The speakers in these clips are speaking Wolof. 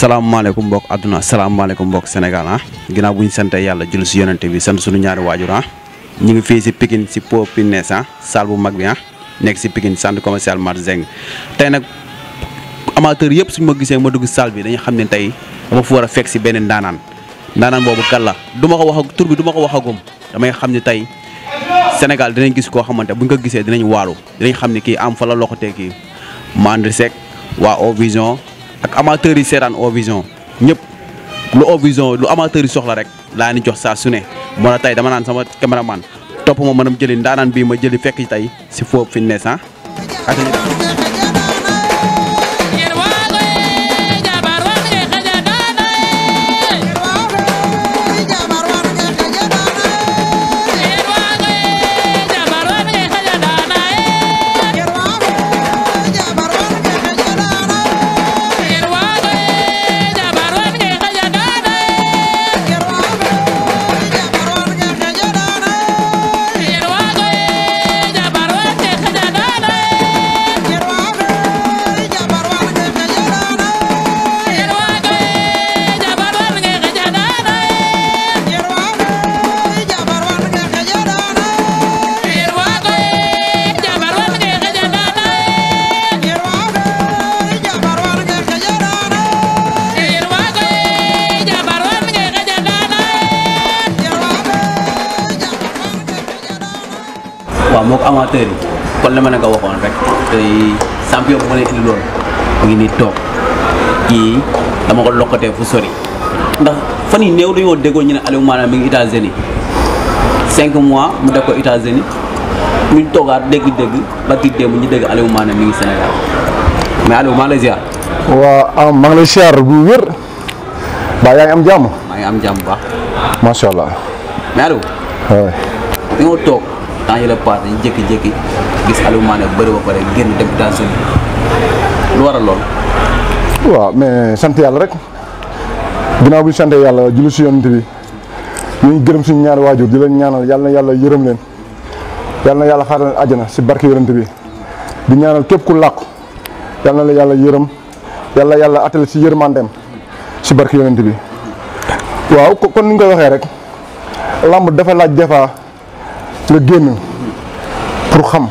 salaamaaleykum mbokk àdduna salaamaaleykum mbokk Sénégal ah ginnaaw bu ñu sant yàlla julli si yonente bi sant suñu ñaari waajur ah ñu ngi fii si pikin si po Pinès ah salle bu mag bi ah nekk si pikin centre commercial Mar Zeng tey nag amateur yëpp suñu ma gisee ma dugg salle bi dañu xam ne tey dama fu war a fekk si beneen ndaanaan ndaanaan boobu kalla la du ma ko wax tur bi du ma ko waxagum damay xam ne tey Sénégal dinañ gis koo xamante buñ ko gisee dinañ waalu dinañ xam ne kii am fa la loxotee kii Mandri Seck waa ak amateurs yi seetaan Ovision ñëpp lu Ovision lu amateurs yi soxla rek laa ni jox saa su ne moo tax tey dama naan sama caméraman topp ma mënam jëli ndaanaan bii ma jëli fekk tey si foofu fi mu ne waaw moo ko amateur yi kon la ma leen ko waxoon rek tey champion bu ma leen ngi nii toog kii dama ko lokkatee fu sori. ndax fan yii néew dañoo déggoo ñu ne Aliou maanaam mi ngi États-Unis cinq mois mu def ko États-Unis ñu toogaat dégg-dégg ba ci démb ñu dégg Aliou maanaam mi ngi Sénégal mais Aliou maa ngi lay ziar. waaw maa ngi lay ziar bu wér. baa yaa ngi am jàmm. maa ngi am jàmm bu baax. macha allah. mais Aliou. waaw. dañoo toog. temps yi la pass ñu jékki jékki gis alumane Mané ba pare genn dem dans son lu wara lool wa mais sante yalla rek ginnaaw bi sante yalla julu si yonent bi ñu ngi suñu ñaar wajur di la ñaanal yalla na yàlla yërëm leen yalla na yàlla xaaral aljana ci barke yonent bi di ñaanal kep ku làkku yalla na la yalla yërem yalla yalla atal ci yërmandem ci barke yonent bi waaw kon ni nga waxe rek lamb dafa laaj defa nga génn pour xam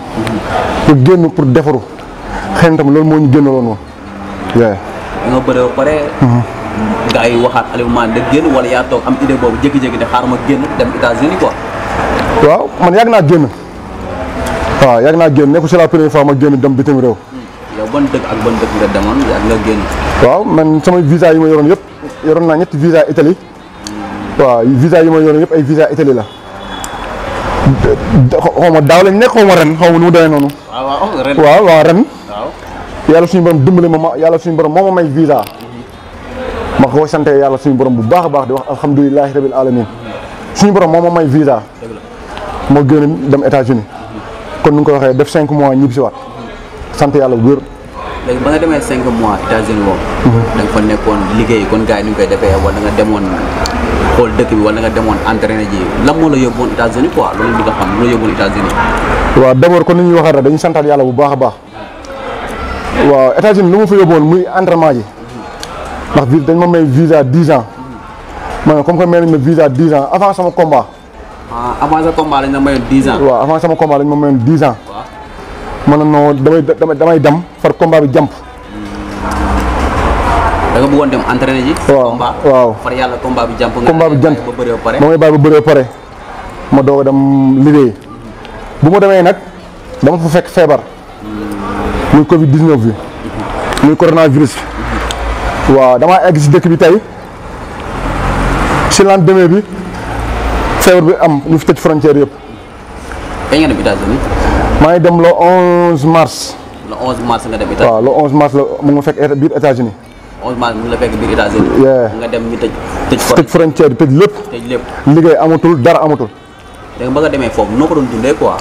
nga génn pour defaru xëy na tam loolu moo ñu génnaloon woon. da nga bëree ba pare. Mm-hmm. génn wala yaa toog am idée boobu jékki-jékki de xaar ma génn dem États-Unis waaw man yàgg naa génn waaw yàgg naa génn nekkul c'est la première ma génn dem bitim réew. Hmm. yow ban dëkk ak ban waaw man sama visa yi ma yoroon yëpp yoroon naa ñetti visa Italie hmm. waaw visa yi ma yoroon yëpp ay visa Italie la. xaw ma daaw lañ nekk xaw ma ren xaw ma nu mu demee noonu. Ah, waaw waaw ren. yàlla suñu borom dimbali ma ma yàlla suñu borom moo ma may visa. Mhm. ma ko sante yàlla suñu borom bu baax a baax di wax alhamdulilahi rabil alamin suñu borom moo ma may visa. moo gën dem États-Unis mhm. kon nu nga ko waxee def cinq mois ñibbi si waat mhm. sant yàlla bu wér. léegi ba nga demee cinq mois États-Unis woon. Mhm. da fa nekkoon liggéey kon gars yi ni ñu koy defee wala nga demoon xool dëkk bi wala nga demoon entraîné ji lan moo la yóbbuwoon États-Unis quoi loolu bi nga xam lu la yóbbuwoon États-Unis. waaw d' abord kon ni ñu waxee dañu santaat yàlla bu baax baax waaw États-Unis lu ma fa yóbbuwoon muy entraînement ji ndax vi dañ ma may visa dix ans maanaam comme que may nañ ma visa dix ans avant sama combat. ah la mayoon dix ans. waaw avant sama combat lañ ma mayoon dix ans. ma ne non damay damay dem far combat bi jàmp. da nga bëggoon dem entraîner ji. waaw waaw far bi jàmp. combat bi jàmp ba bëree ba pare. ba ma doog dem liggéey bu ma demee nag dama fa fekk feebar. muy Covid 19 bi. muy coronavirus waaw damaa egg si dëkk bi tey si lendemain bi feebar bi am ñu fi tëj frontière yëpp. maa dem le 11 mars. le 11 mars nga dem Italie le 11 mars lo mu ngi fekk biir États-Unis. 11 mars mu ngi la fekk biir États-Unis. nga dem ñu tëj. tëj frontière tëj frontière bi tëj lépp. amatul dara amatul. léegi nga demee doon quoi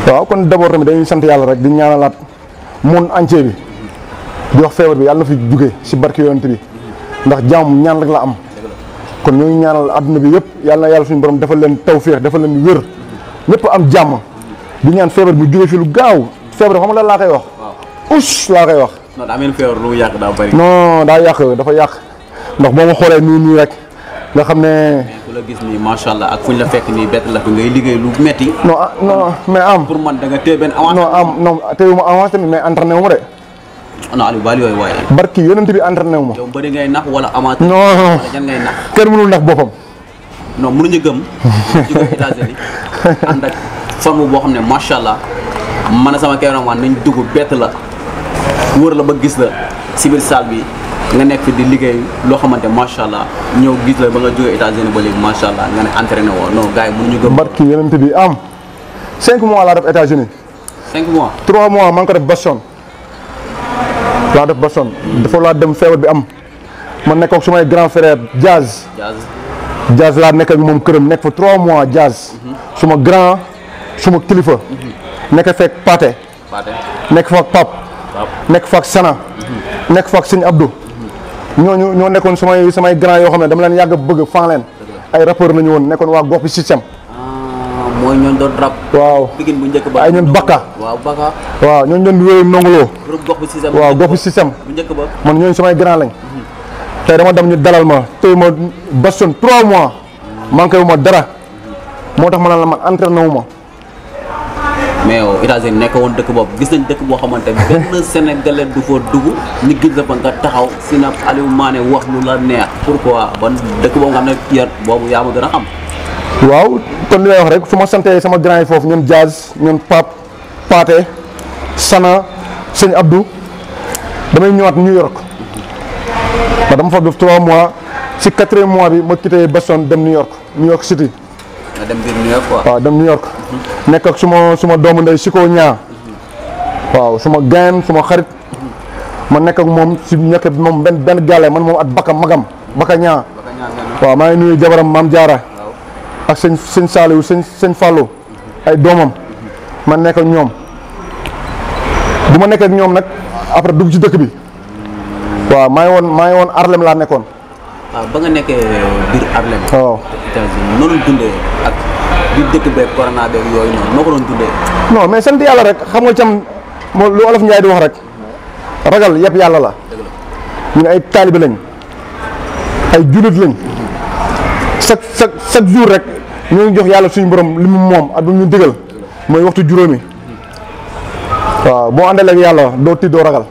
ak waaw kon d' tamit dañuy sant yàlla rek di entier bi di wax bi si bi ndax am kon ñaanal bi suñu ñëpp am jamm di ñaan fièvre bi jóge fi lu gaaw fièvre xam la laa koy wax ush la kay wax non da mel fièvre lu yak da bari non daa yàq dafa yak ndax boo ma xoolee nii rek nga xamné ne ku la gis ni ma sha allah ak fuñ la fekk ni bett la fi ngay liggéey lu metti non ah, non mais am pour man da nga té ben avant non am non téyewuma avance tamit mais entraîné wu ma non ali bali way way barki yonent bi entraîné wu ma yow bëri ngay nax wala amateur non ngay nax kër mënul nax bopam non mënuñu gëm. jóge États-Unis boo xam ne macha allah man sama cameraman nañ dugg la la ba gis la si biir salle bi nga nekk di liggéey loo xamante macha allah ñëw gis la ba nga jóge États-Unis ba léegi macha allah nga ne entraîné woo non gars yi mois laa def États-Unis. 5 ko def Boston. laa def Boston. dafa laa dem feebar bi am. ma nekkoog sumay grand frère Diaz. Diaz laa nekk ak moom këram nekk fa trois mois Diaz. suma grand suma kilifa. nekk fekk Paate. nekk fa ak nekk fa ak Sana. nekk fa ak sëñ Abdou. ñooñu ñoo nekkoon samay samay grand yoo xam ne dama leen yàgg bëgg fan leen. ay rappeurs la ñu woon nekkoon waa gox bi système. Ah, mooy ñooñu doon rap. waaw Pikine bu njëkk ba ay ñoon Bakka. waaw Bakka. waaw ñooñu doon wéyum nongoloo. gox bi système bu njëkk ba man ñooñu samay grand lañ. Mhm. tey dama dem ñu dalal ma tey ma baston trois mois manqué ma dara moo tax ma ne la man entraîné wu ma. mais États-Unis nekk woon dëkk boobu gis nañ dëkk boo xamante ne benn Sénégalais du fa dugg ñu gis la fa nga taxaw si na Aliou Mané wax lu la neex pour pourquoi ban dëkk boobu nga xam ne yar boobu yaa ma gën a xam. waaw kon li may wax rek su ma santee sama grand yi foofu ñoom Diaz ñoom Pape Pathé Sana sëñ Abdou damay ñëwaat New York. ba dama fa def 3 mois 4e mois bi ma quitté Boston dem New York New York City. nga ah, dem biir New York quoi. waaw dem New York. nek ak suma suma doomu ndey si koo ñaa. waaw suma gain suma xarit. ma nek ak mom si ñàkk bi moom ben benn gàlle man mom at bakam magam baka nya waaw ma ngi nuyu jabaram mam jaara ak señ señ salew señ señ fallo ay domam ma nek ak ñom duma nek ak ñom nak après dug ci dëkk bi. waaw maa ngi woon maa ngi woon Harlem laa nekkoon. waaw ah, ba nga nekkee biir Harlem. waaw États-Unis noonu dundee ak biir dëkk beeg corona beeg yooyu noonu noo ko doon dundee. non mais sant yàlla rek xam nga cam moom lu olof Njaay di wax rek ragal yëpp yàlla la. ñu ay taalibe lañ ay jullit lañ chaque chaque chaque jour rek ñu jox yàlla suñu borom li mu moom ak bu ñu dëgal mooy waxtu juróomi waaw boo àndalee ak yàlla doo tiit doo ragal.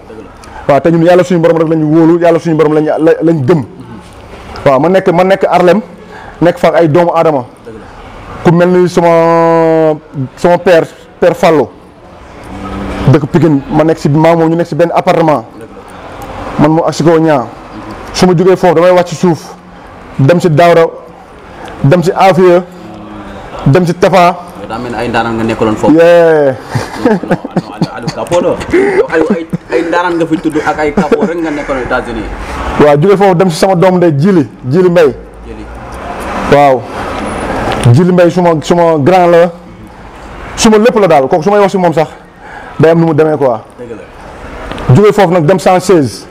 waaw te ñun yàlla suñu borom rek lañu wóolu yàlla suñu borom lañ lañ gëm waaw ma nekk ma arlem nek fa ay doomu semua ku pers ni sama sama père père Fallou dëkk Pikine ma nek si maa moom ñu nekk si benn appartement man moom ak si kaw ñaa su damay wàcc suuf dem si Daawra dem si Afia dem si Tafa. daa mel ay ndaanaan nga ay ay ndaran nga fi tudd ak ay kapo rek nga nekkoon États-Unis waaw jóge dem si sama dom de jili jili mbay jili waaw jili mbay suma suma grand la suma lépp la daal kooku su may wax si moom sax day am nu mu demee quoi dëgg la jóge foofu nag dem 116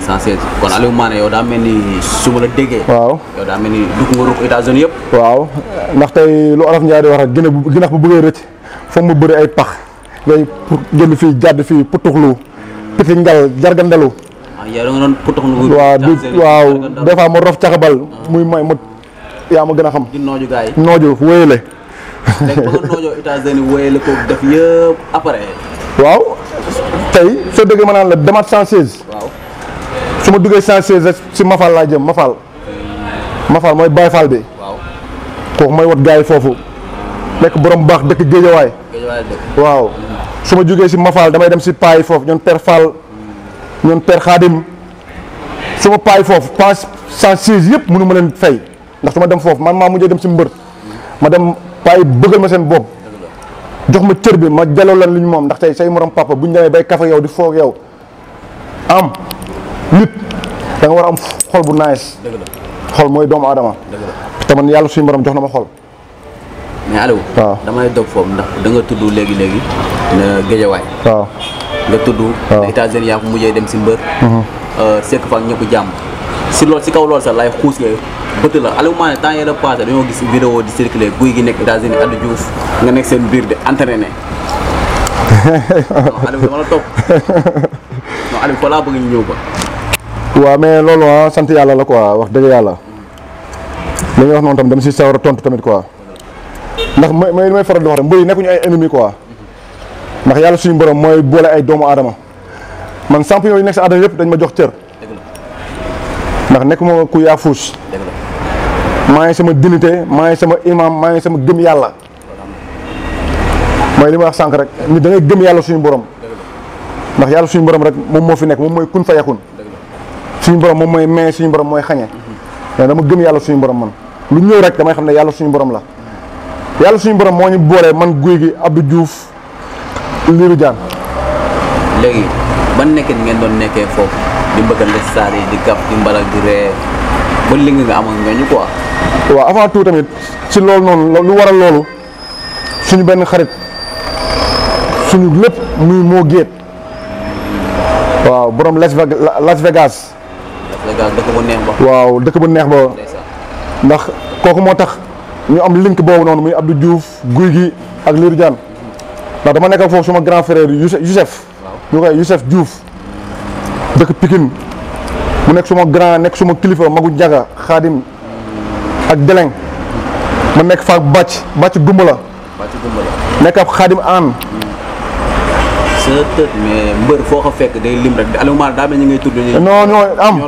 116 ah, kon Aliou Mané yow daa mel ni la déggee. waaw yow daa mel ni nga ruuk États-Unis yëpp. waaw ndax tey lu Araf Ndiaye di wax rek ginax bu bëggee rëcc foog mu bëri ay pax ngay pour génn fii jàdd fii putuxlu ngal jargandalu wa di waaw des fois ma rof caxabal muy may ma yaa ma gën a xam noju wéyale waaw tey soo déggee ma naan la demaat 116 su ma duggee 116 rek si Mafal laa jëm Mafal Mafal mooy Baye Fall bi kooku mooy wat gars yi foofu nekk borom baax dëkk waaw suma ma ci Mafal damay dem si pay fof ñun Père Fall ñun Père Khadim suma pay fof pass 106 seize mënu ma leen fay ndax suma dem fof man ma mujjé dem ci mbeur ma dem pay bëggal ma seen bop jox ma cër bi ma delloo lan lu mom moom ndax tay say morom papa buñu ñu bay kafe yow di foog yow am nit da nga wara am xol bu nice xol moy doom adama te man suñu morom jox na ma xol mais Aliou waaw damay dog foofu ndax da nga tudd léegi léegi na géejawaay waaw nga tudd états-unis yaa ko mujjee dem si mbër sekk fa ak ñëpp jàmm si lool si kaw lool sax lay xuus nga bëtt la Aliou Mané temps yële passé dañoo gis vidéo di circuler guy gi nekk états-unis Adou Diouf nga nekk seen biir de entraîné Aliou dama la topp non Aliou fa laa bëgg ñu ñëw ba waaw mais loolu ah sant yàlla la quoi wax dëgg yàlla li wax noonu tam dama si sawar tontu tamit quoi ndax mooy may li may faral di wax rek mbëri nekkuñu ay ennemi quoi ndax yàlla suñu borom mooy boole ay doomu aadama man champion yi nekk si aadama yëpp dañ ma jox cër. ndax nekkuma ku yaafuus. maa ngi sama dignité maa sama imam maa ngi sama gëm yàlla. mooy li ma wax sànq rek ni da ngay gëm yàlla suñu borom. ndax yàlla suñu borom rek moom moo fi nekk moom mooy kun fa yakun suñu borom moom mooy may suñu borom mooy xañe. Mhm. dama gëm yàlla suñu borom man lu ñëw rek damay xam ne yàlla suñu borom la. yàlla suñu borom moo ñu boole man guy gi Abdou Diouf Lirou Diane. léegi ban nekkin ngeen doon nekkee foofu di mbëkkante saal yi di gaf di mbalak di ree ba li nga am ak ñooñu quoi. waaw avant tout tamit ci loolu noonu lu war a loolu suñu benn xarit suñu lépp muy moo géet waaw boroom Las Vegas Las Vegas. dëkk bu neex ba. waaw dëkk bu neex ba ndax kooku moo tax. ñu am link boobu noonu muy Abdou juuf Guy gi ak Lirou Diane dama nekk foofu suma grand frère Youssef ñu koy Youssef Diouf dëkk Pikine mu nekk suma grand nekk suma kilifa magu njaga xaadim ak deleng ma nekk faak bàcc bàcc gumbala nekk ab xaadim aan mais mbër foo ko fekk day lim rek daa mel ngay tudd non ñoo am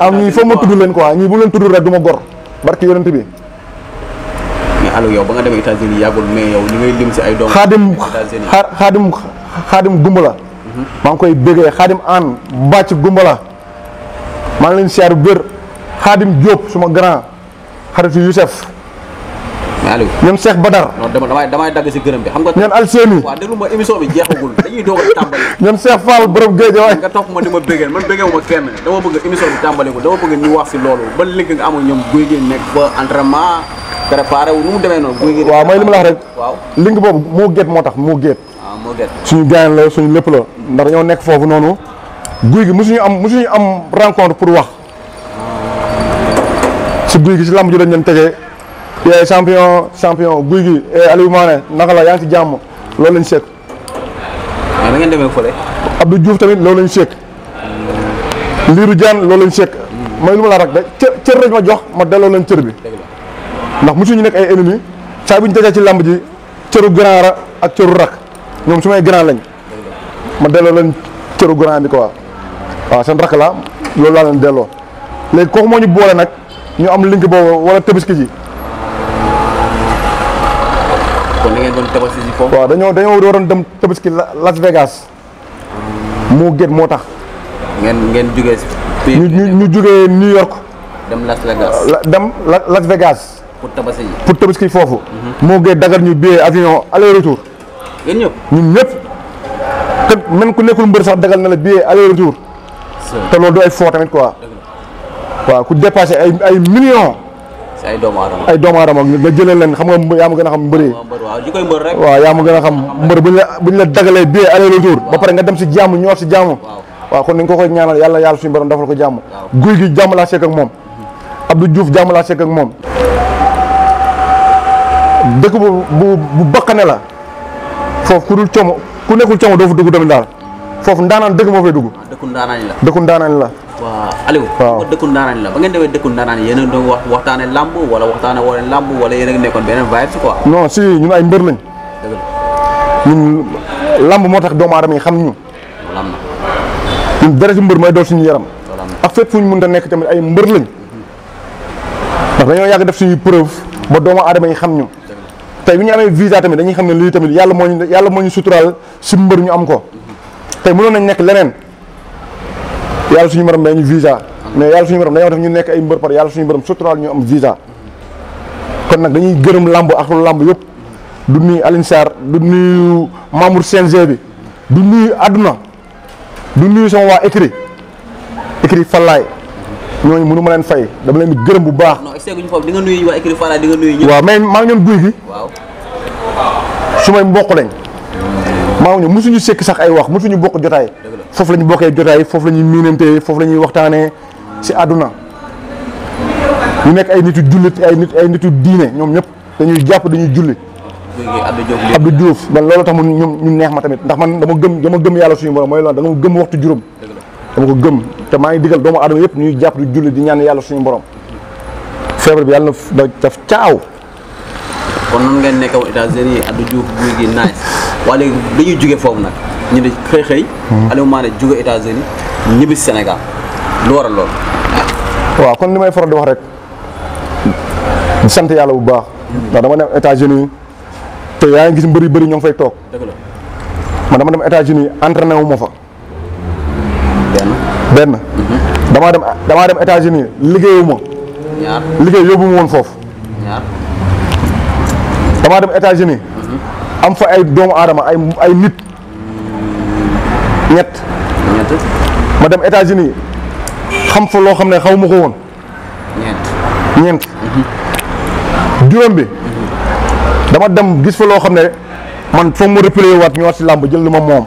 am ñii foo ma tudd leen quoi ñii bu leen tudd rek du ma gor barki yonent bi allo yow ba gumbala mhm. maa ngi koy an bàcc gumbala maa ngi leen siyaar bu wér xaadim Diop suma grand xaritu Youssef Aliou ñoom Cheikh Badar non dama damay damay dag ci gërëm bi xam nga ñoom Alseni wa déglu ma émission bi jeexagul dañuy doog a tàmbali ñoom Cheikh Fall borom géej waay nga topp ma di ma man béggeewuma kenn dama bëgg émission bi tàmbali ko dama bëgg ñu wax ci loolu ba ligg nga amul ñoom guy gi ba entraînement préparé wu nu mu demee noonu. waaw mooy li ma la wax rek. waaw link boobu moo géet moo tax moo géet. waaw ah, moo géet suñu gaañ la suñu lépp la ndax dañoo nekk foofu noonu guy gi mosuñu am mosuñu am rencontre pour wax. si guy gi si lamb ji dañ leen tegee yee champion champion guy gi eh, Aliou Mané naka la yaa ngi ci jàmm loolu lañ seq. waaw ah, tamit loolu lañ seq. Lirou Diane loolu lañ seq. Hmm. mooy lu ma la rek de cër cër lañ ma jox ma delloo leen cër bi. ndax musuñu nek ay ennemi ca buñu dajé ci lamb ji cëru grand ra ak cëru rak ñom sumay grand lañ ma delo lañ cëru grand bi quoi wa sen rak la loolu la lañ delo légui ko mo ñu boole nak ñu am link bo wala tebiski ji ko ngeen doon tabaski ji fofu wa dañoo dañoo doon dem tabaski Las Vegas mo gën motax ngeen ngeen jugé ñu ñu New York dem Las Vegas dem Las Vegas pour tabaski pour tabaski foofu. Mhm. moo gën dagar ñu billet avion aller retour. yéen ñep ñun ñep te même ku nekkul mbeur sax dagal na la bié aller retour. te loolu do ay fo tamit quoi. quoi ku dépasser ay ay millions. c'est ay doom adam ay doomu aadama nga jëlé leen xam nga ya ma gëna xam mbeuré wa waaw ji rek. waaw yaa ma gëna xam mbeur buñ la bu ñu la dagalee billet aller retour. ba paré nga dem ci jamm ñor ci jamm wa kon ni nga ko koy ñaanal yalla yalla suñu borom defal ko jamm guuy gi jamm la sék ak mom mhm. Abdou Diouf jamm la sék ak mom dëkk bu bu bu bakkane la foofu ku dul como ku nekkul como doo fa dugg tamit daal foofu ndaanaan dëkk moo fay dugg. dëkku ndaanaan la dëkku la. waaw Aliou. waaw la ba ngeen demee dëkku ndaanaan yéen a doon wax wala waxtaanee wala làmb wala yéen a nekkoon beneen vibe quoi. non si ñun ay mbër lañ. ñun làmb moo tax doomu aadama yi xam ñu. ñun dara si mbër mooy doon suñu yaram. loolu am fu ñu mënta nekk tamit ay mbër lañ. ndax dañoo yàgg def suñuy preuve ba doomu aadama yi xam ñu tey bi ñu amee visa tamit dañuy xam ne lii tamit yàlla moo ñu yàlla moo ñu suturaal si mbër ñu am ko tey mënoon nañ nekk leneen yàlla suñu borom dañu visa mais yàlla suñu borom dañoo def ñu nekk ay mbër par yàlla suñu borom suturaal ñu am visa kon nag dañuy gërëm làmb ak làmb yëpp du nuyu Alioune Sarr du nuyu sen CNG bi du nuyu àdduna du nuyu sama waa écrit écrit Fallaye ñooñu mënu ma leen fay dama leen di gërëm bu baax. non essayé guñ foofu di nga nuyu waa écurie Fala di nga nuyu ñëpp. waaw mais maa ngi ñoom guy gi. waaw su may mbokk lañ. maa ngi ñoom mosuñu sekk sax ay wax mosuñu bokk jotaay. foofu la ñu bokkee jotaay foofu la ñuy miinantee foofu la ñuy ñu nekk ay nitu jullit ay nit ay nitu diine ñoom ñëpp dañuy jàpp dañuy julli. Abdou Diouf man loolu tax mu ñoom ñu neex ma tamit ndax man dama gëm dama gëm yàlla suñu borom mooy loolu dama gëm waxtu juróom dama ko gëm te maa ngi digal doomu aadama yëpp ñu jàpp di julli di ñaan yàlla suñu borom feebar bi yàlla na daf caaw. kon nan ngeen nekk woon États-Unis Abdou Diouf guy gi naaj waaye léegi dañuy jóge foofu nag ñu ne xëy xëy. Hmm. Aliou Mané jóge États-Unis ñibbi Sénégal lu lool. waaw kon li may faral di wax rek di sant yàlla bu baax. ndax dama dem États-Unis te yaa ngi gis mbëri bëri ñoo fay toog. man dama dem États-Unis entraîné wu ma fa. benn damaa dem damaa dem États-Unis liggéeyuma liggéey yóbbu ma woon foofu damaa dem États-Unis mhm. am fa ay doomu aadama ay ay nit ñett ma dem États-Unis xam fa loo xam ne xaw ma ko woon ñeent mhm. juróom bi mhm. dama dem gis fa loo xam ne man foog ma replier waat ñëwaat si làmb jël li ma moom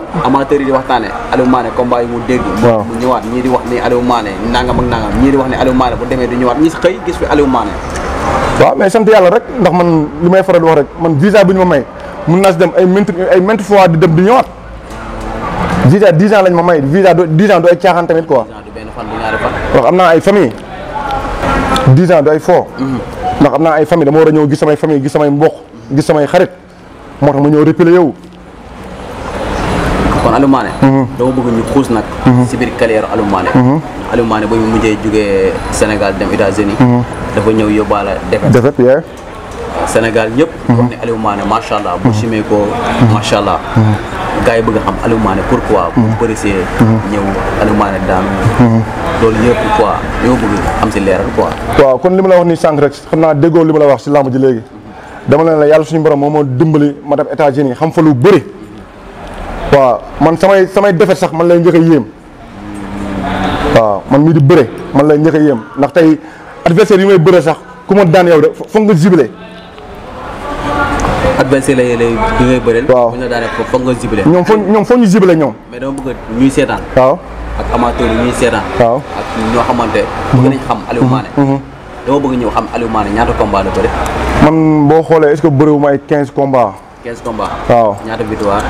amateur yi di waxtaane Aliou Mané combat yi mu dégg mu ñëwaat ñii di wax ni Aliou Mané nangam ak nangam ñii di wax ni Aliou Mané bu demee du ñëwaat ñi si xëy gis fi Aliou Mané waaw mais sant yàlla rek ndax man li may faral di wax rek man visa bu ñu ma may mun naa si dem ay maintes ay maintes fois di dem di ñëwaat visa dix ans lañ ma may visa dix ans du ay caaxaan tamit quoi wax am naa ay famille dix ans du ay fo mhm. ndax am naa ay famille dama war a ñëw gis samay fami gis samay mbokk gis samay xarit moo tax ma ñëw reculer yow kon Aliou Mané mhm. dama bëgg ñu xuus nag mhm. si biir carrière Aliou Mané mhm. Aliou Mané ba mu mujjee jugee Sénégal dem États-Unis dafa ñëw yóbbaale defet Sénégal ñëpp wax ne Aliou Mané allah bu simee ko macha allah gars yi bëgg a xam Aliou Mané pourquoi bu bërisee ñëw Aliou Mané daanu loolu yëpp quoi ñoo bëgg am si leeral quoi waaw kon li la wax ni sànq rek xam naa déggoo li la wax si lamb ji léegi dama la ne suñu borom moo ma dimbali ma dem États-Unis xam lu bëri waaw man samay samay defet sax man lay njëkk a yéem man mii di bëre man lay njëkk a yéem ndax tey adversaire yi may bëre sax ku ma daan yow de foog nga jibile adversaire la yéen bi ngay bëreel. waaw bu ñu la daanee foog nga jibile. ñoom foo ñoom foo ñu jibile ñoom. mais dama bëgg ñuy seetaan. waaw ak amateur ñuy seetaan. waaw ak ñoo xamante. Mhm. bëgg nañ xam Aliou mhm. Mané. Mhm. dama bëgg ñëw xam Aliou Mané ñaata combat la bëri. man boo xoolee est-ce que bëriwuma ay 15 combats. 15 combats waaw ñaata victoire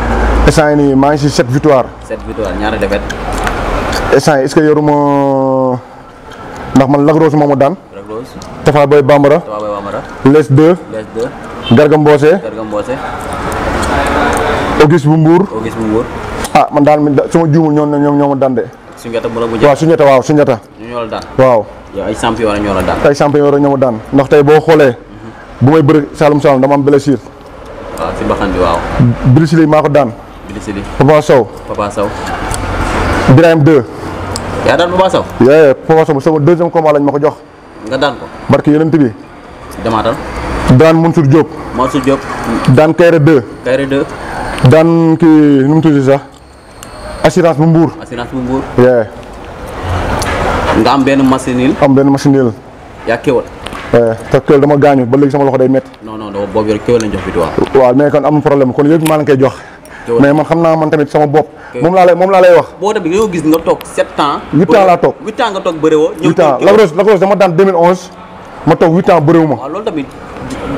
instant ngi si 7 victoire 7 victoire ñaata défaite instant est ce que yoruma ndax man Lagros moomu daan Lagros Tafa Boy Bambara Tafa Boy Bambara Les 2 Les 2 Auguste Auguste ah man daan suma juumul ñoom ñoom ñooma daan de senjata mu la bu waaw suñata waaw suñata ñu ñoo la daan waaw yow ay champion la ñoo la daan ay champion la ñoo ndax mhm. bu may Brisili mako ya, dan Brisili Papa Sow. Papa Sow. Birahim 2. Ya daan Papa Sow. ya Papa Sow sama deuxième combat lañ ma jox. nga daan ko. barke yonent bi. damaatal. Dan Mansour Diop. Mansour Diop. Dan Kayre 2. Kayre 2. Dan kii nu mu sax assurance bu Mbour. assurance bu Mbour. ya nga am am yaa kéwal eh, te dama gaañu ba léegi sama loxo day métti non non dama boobu yor kéwal lañ jox victoire waaw mais kon am problème kon yëpp maa la koy jox mais man xam man tamit sama bopp moom laa lay moom laa lay wax boo tamit dañoo gis nga toog 7 ans 8 ans laa toog 8 ans nga toog bëre woo 8 ans Rose Lac Rose dama daan 2011 ma toog 8 ans bërewu ma waaw loolu tamit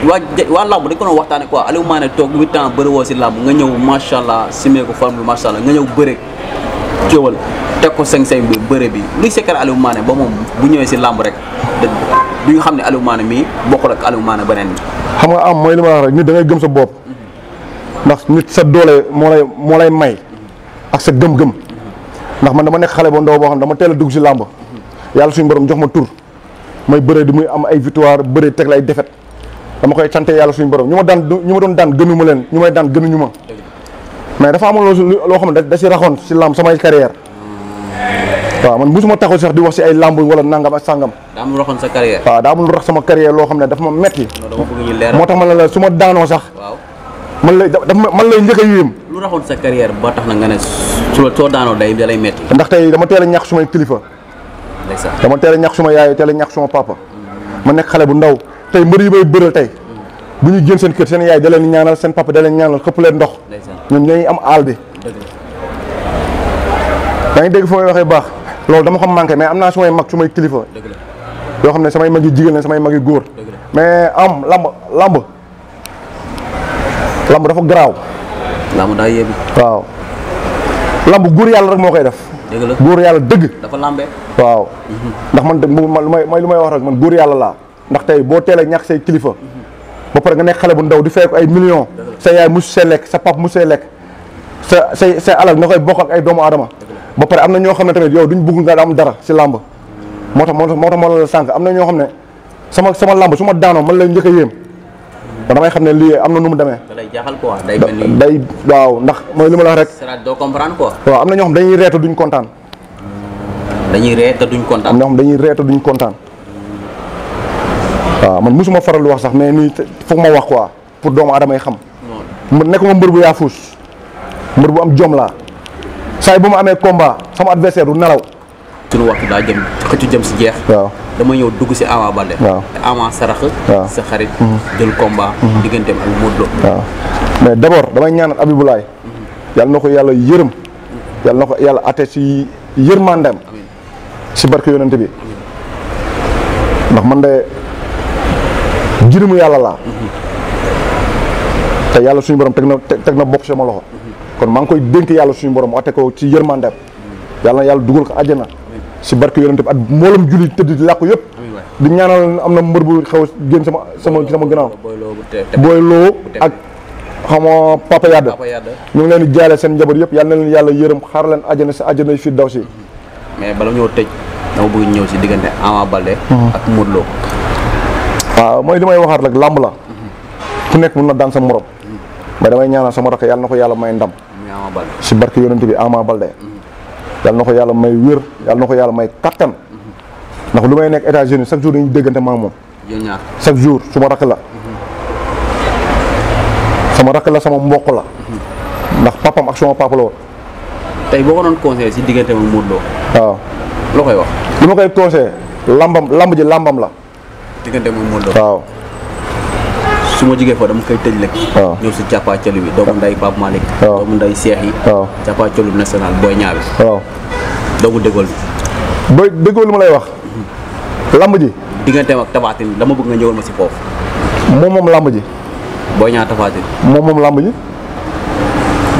waa waa làmb dañ ko doon waxtaane quoi Aliou Mané toog 8 ans bëre woo si làmb nga ñëw macha allah simee ko forme bi macha allah nga ñëw bëre kéwal teg ko 5 5 bi bëre bi luy secret Aliou Mané ba moom bu ñëwee si làmb rek deug duñu xamni aliou mané mi bokul ak aliou mané benen xam nga am moy lima wax rek nit da ngay gëm sa bop ndax nit sa doole mo lay mo lay may ak sa gëm gëm ndax man dama nek xalé bo ndaw bo xam dama téla dugg ci lamb yalla suñu borom jox ma tour may beure di muy am ay victoire beure tek lay défaite dama koy santé yalla suñu borom ñuma daan ñuma doon daan gënuma leen ñumay daan gënuñuma mais dafa amul lo xamne da ci raxon ci lamb sama carrière waaw man mosuma taxul sax di wax si ay lamb wala nangam ak sangam. daa amul raxoon sa carrière. waaw rax sama carrière loo xam ne dafa ma metti. moo tax ma ne la su ma daanoo sax. waaw man lay daf man lay njëkk a yéem. lu raxoon sa carrière tax na nga ne su la soo daanoo day da ndax tey dama teel a ñàkk sumay kilifa. dama teel a ñàkk suma yaay teel a ñàkk suma papa. ma nekk xale bu ndaw tey mbër yi bay bëral tey bu ñu génn seen kër seen yaay da leen ñaanal seen papa da leen ñaanal xëpp leen ndox ñoom ñooy am aal bi yaa ngi dégg fu may waxee baax lolou dama ko manké mais am naa mag su kilifa yoo xam ne samay mag yu jigéen la samay magi goor mais am lamb lamb lamb dafa graw lamb da yéeme waw lamb goor yalla rek mo koy def goor yalla deug dafa lambé waw mhm. ndax man lu may lumay wax rek man goor yalla la ndax tay bo télé ñàkk say kilifa mhm. ba pare nga nek xalé bu ndaw di fekk ay millions sa yaay musse lek sa pap musse lek sa sa alal nakoy bokk ak ay doomu aadama ba paré amna ño xamné tamit yow duñ bëgg nga am dara ci lamb motax motax mo la sank amna ño xamné sama sama lamb suma daano man lay ñëkë a da may xamné li amna lii am na nu mu demee. da lay quoi day mel ni day waaw ndax mooy li la rek. c'est doo comprendre quoi. waaw am na xam dañuy reetu duñ contane dañuy reetu duñ contane ño xam dañuy reetu duñ contane waaw man musuma faral wax sax mais ni fu ma wax quoi pour doomu aadama yi xam. nekkuma mbeur bu fous mbeur bu am jom la say buma amé combat sama adversaire du nelaw suñu waxtu da jëm xëccu jëm ci jeex waaw dama ñëw dugg ci awa balé waaw Ama sarax sa xarit mhm. jël combat mhm. digëntem ak Modou mais d'abord dama ñaanal Abibulaay mhm. yàlla na ko yàlla yërëm yàlla na ko yàlla atte si yërmandem si barke yonente bi ndax man dé jirimu yalla la te yalla suñu borom teg na teg na bokk sama loxo kon mang koy denk yalla suñu borom waté ko ci yermande yalla na yàlla ko aljana si barke yonent bi at moolam julli tedd di làkk yep di ñaanal amna mbeur bu xew génn sama sama sama gannaaw booy loo ak xam nga papa yad ñu ngi leen di jaale seen njaboot yëpp yàlla leen yalla yërëm xar leen aljana ci aljana fi dawsi daw si mais bala ñoo tëj dama bëgg ñew ci digënde Ama Baldé mhm. ak mudlo Lo ah, moy limay waxat may waxaat rek làmb la mhm. ku nekk mun na daan sa morom ba mhm. damay ñaanal sama rakk yalla nako yalla may ndam ci barke yonent bi Ama Balde yalla nako yalla may wër yalla nako yalla may kattan nak lumay nek etat jeune chaque jour dañu deugante ma mom chaque jour suma rak la sama rak la sama mbokk la ndax papam ak sama papa lo tay tey boo conseil ci digante si diggante Lo waaw loo koy wax koy lambam lamb ji lambam la digante mu Modou waaw su ma jógee fa dama koy tëj lekk waaw ñëw si càppaacali bi doomu nday Pape Malick doomu nday Seex yi waaw càppaacali bi national booy waaw doomu déggool bi ma lay wax hmm. lamb ji digganteem ak Tapha dama bëgg nga ñëwal ma si foofu moom moom lamb ji booy ñaaw Tapha Tine moom moom lamb ji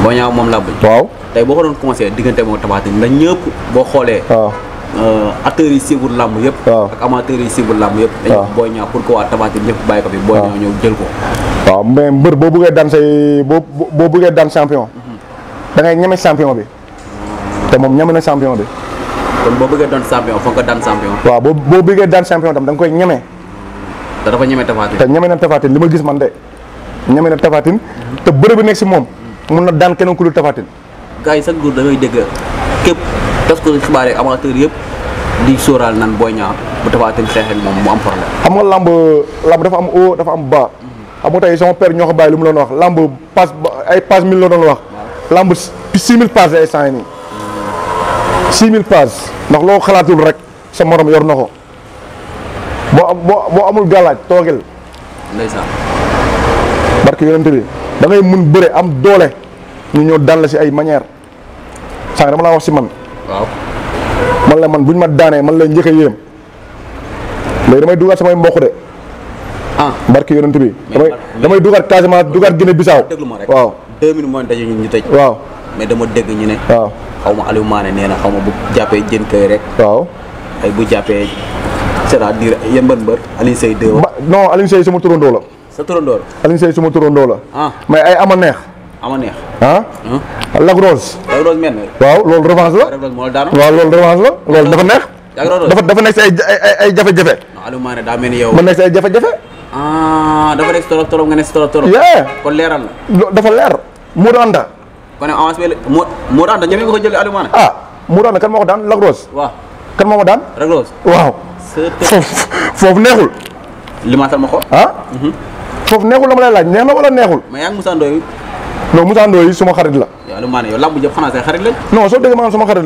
booy ñaaw moom lamb ji waaw tey boo ko doon conseillé diggante moom Tapha Tine ndax ñëpp boo xoolee waaw Euh, acteurs yi siiwul làmb yëpp. ak amateurs yi siiwul làmb yëpp. waaw dañu Boy Niang pour que waa Tapha Tine bàyyi ko fi. Boy Niang ñëw jël ko. waaw mais mbër boo bëggee daan say boo boo bëggee daan champion. Mhm. da ngay ñeme champion bi. te moom ñeme na champion bi. kon boo bëggee doon champion foog nga daan champion. waaw boo boo bëggee daan champion tam da koy ñeme. te dafa ñeme Tapha Tine. te ñeme na Tapha li ma gis man de ñeme na Tapha mhm. te bëre bi nekk si moom. mun na daan keneen ku dul Tapha Tine. gars yi est ko ci su baaree amateur yeb di soral nan boyna bu tafaatin xeex ak moom mu am problème xam nga lamb lamb dafa am haut dafa am bas xam nga tey sama père ñoko bay lu mu la wax lamb pass ay pass 1000 la doon wax lamb 6000 mille pass ay sang ni 6000 mille pass ndax loo xalaatul rek sa morom yor nako bo bo amul galaj togel ndaysan barke yonente bi da ngay mën beure am doole ñu ñoo dal ci ay manière sang dama la wax ci man waaw man la man bu ñu ma daanee man la njëkk a yéem léegi damay dugaat samay mboq de. ah barki yonent bi. damay damay dugaat Casamance dugaat Guinée Bissau. déglu ma rek waaw deux minutes mooy daje ñu ñu waaw mais dama dégg ñu ne. waaw xaw ma Aliou Mané nee na xaw ma bu jàppee jën kay rek. waaw ay bu jàppee c'est-à-dire yéen mbër mbër Alioune Seye 2. non Alioune Seye sama turandoo la. sa turandoo la. la. ah mais ay ama neex. ama neex ya? ah Lac Rose Lac Rose men ya? waaw loolu revanche la waaw loolu revanche la loolu dafa neex dafa dafa nekk si ay ay jafe-jafe Aliou Mané daa mel ni yow ma nekk si ay jafe-jafe ah dafa nekk si torop torop nga nekk si torop torop kon leeral la dafa leer Modou Anta kon avance bi Modou Anta ñëw nga ko jël ah Modou Anta kan moo ko daan Lac Rose kan moo ma daan Lac Rose waaw foofu neexul limaatal ma ko ah mhm. foofu neexul la ma lay laaj neex na wala neexul mais yaa non Moussa Ndoye suma xarit la. yow lu ma yow lamb jëpp xanaa xarit lañ. non soo déggee maanaam suma xarit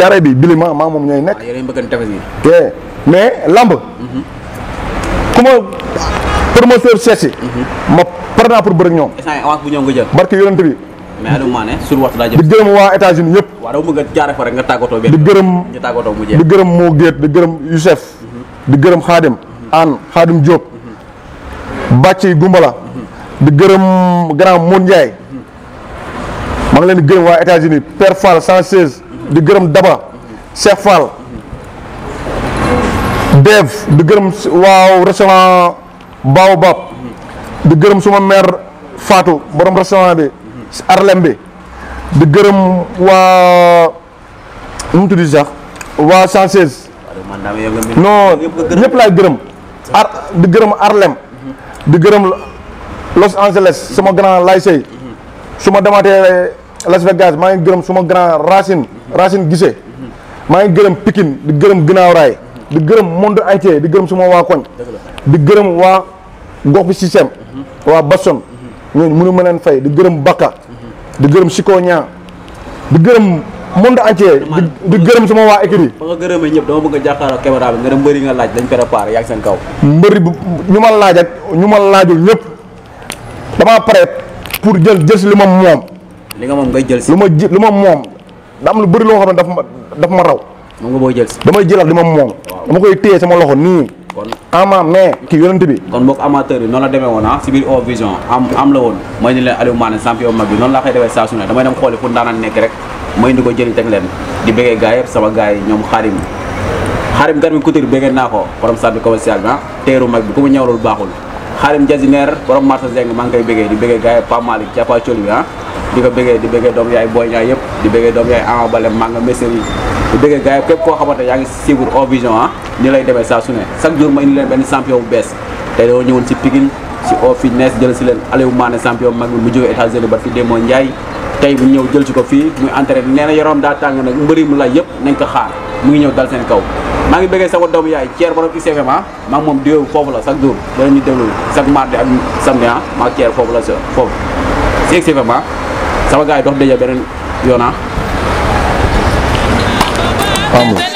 ah. bi bili ma maa moom ñooy nekk. Ah, mais lamb. Mhm. ku ma promoteur seet mhm. ma pare pour bëri ak ñoom. barke yonent bi. mais Aliou Mané suñu États-Unis fa rek nga di gërëm mu di gërëm Mo di gërëm Youssef. Mhm. di gërëm Khadim. Anne Khadim Diop. Gumbala di gërëm grand Moun Ndiaye ma ngi leen di gërëm wa États-Unis Père Fall 116 di gërëm Daba Cheikh Fall Dev di gërëm waaw restaurant Baobab di gërëm suma mère Fatou borom restaurant bi Arlem bi di gërëm wa nu mu sax wa 116 non ñep laay gërëm ar di gërëm Arlem di gërëm Los Angeles sama grand lice, Seye su Las Vegas main ngi gërëm suma grand Racine Racine Guissé maa ngi gërëm Pikine di gërëm Ginaaw Raay di gërëm monde entier di gërëm suma waa koñ di gërëm wa gox bi système waa Basson ñooñu mënu ma leen fay di gërëm baka di gërëm Siko Ñaa di gërëm monde entier di gërëm suma wa écurie ba nga gërëmee ñëpp dama bëgg a caméra bi nga dem nga laaj dañ préparé yaa ngi kaw laaj ak ñëpp dama paré pour jël jël li ma mom li nga mom ngay jël ci luma luma mom da am lu bari lo xamne daf ma daf ma raw mo nga boy jël ci dama jël ak li mom dama koy téyé sama loxo ni kon ama me ki yonent bi kon bok amateur non la démé wona ah, ci bir o vision am am la won may ni len aliou mané champion mag bi non la fay déwé sa su dama dem xolé pour ndanan nek rek may ndiko jël tek len di bégué gaay sama gaay ñom xarim xarim garmi couture bégué nako param sabi commercial ba ah. téru mag bi kuma mu ñawlul baxul xaalim jasinaire borom marsa zeng maa ngi koy bëggee di béggee gars yi Pa Malick ci apa bi ah di ko béggee di béggee doom yaay Boy Niang yëpp di béggee doom yaay Ama Baldé maa nga messer yi di béggee gars képp koo xamante yaa ngi suivre O Vision ah ni lay demee saa su ne chaque jour ma indi leen benn champion bu bees tey doo ñëwoon si Pikine si O Fitness jël si leen Aliou Mané champion mag bi mu jógee États-Unis ba fi Demba Ndiaye tey bu ñëw jël ci ko fii muy entraîné nee na yaram daa tàng nag mbëri mu lay yëpp nañ ko xaar mu ngi ñëw dal seen kaw maa ngi bëggee sama doomu yaay Thier borom ICFM ah maa ngi moom diw foofu la chaque jour dana ñu déglu chaque mardi ak samedi ah maa Thier foofu la sa foofu si ICFM ah sama gars yi dox dëjë beneen yoon ah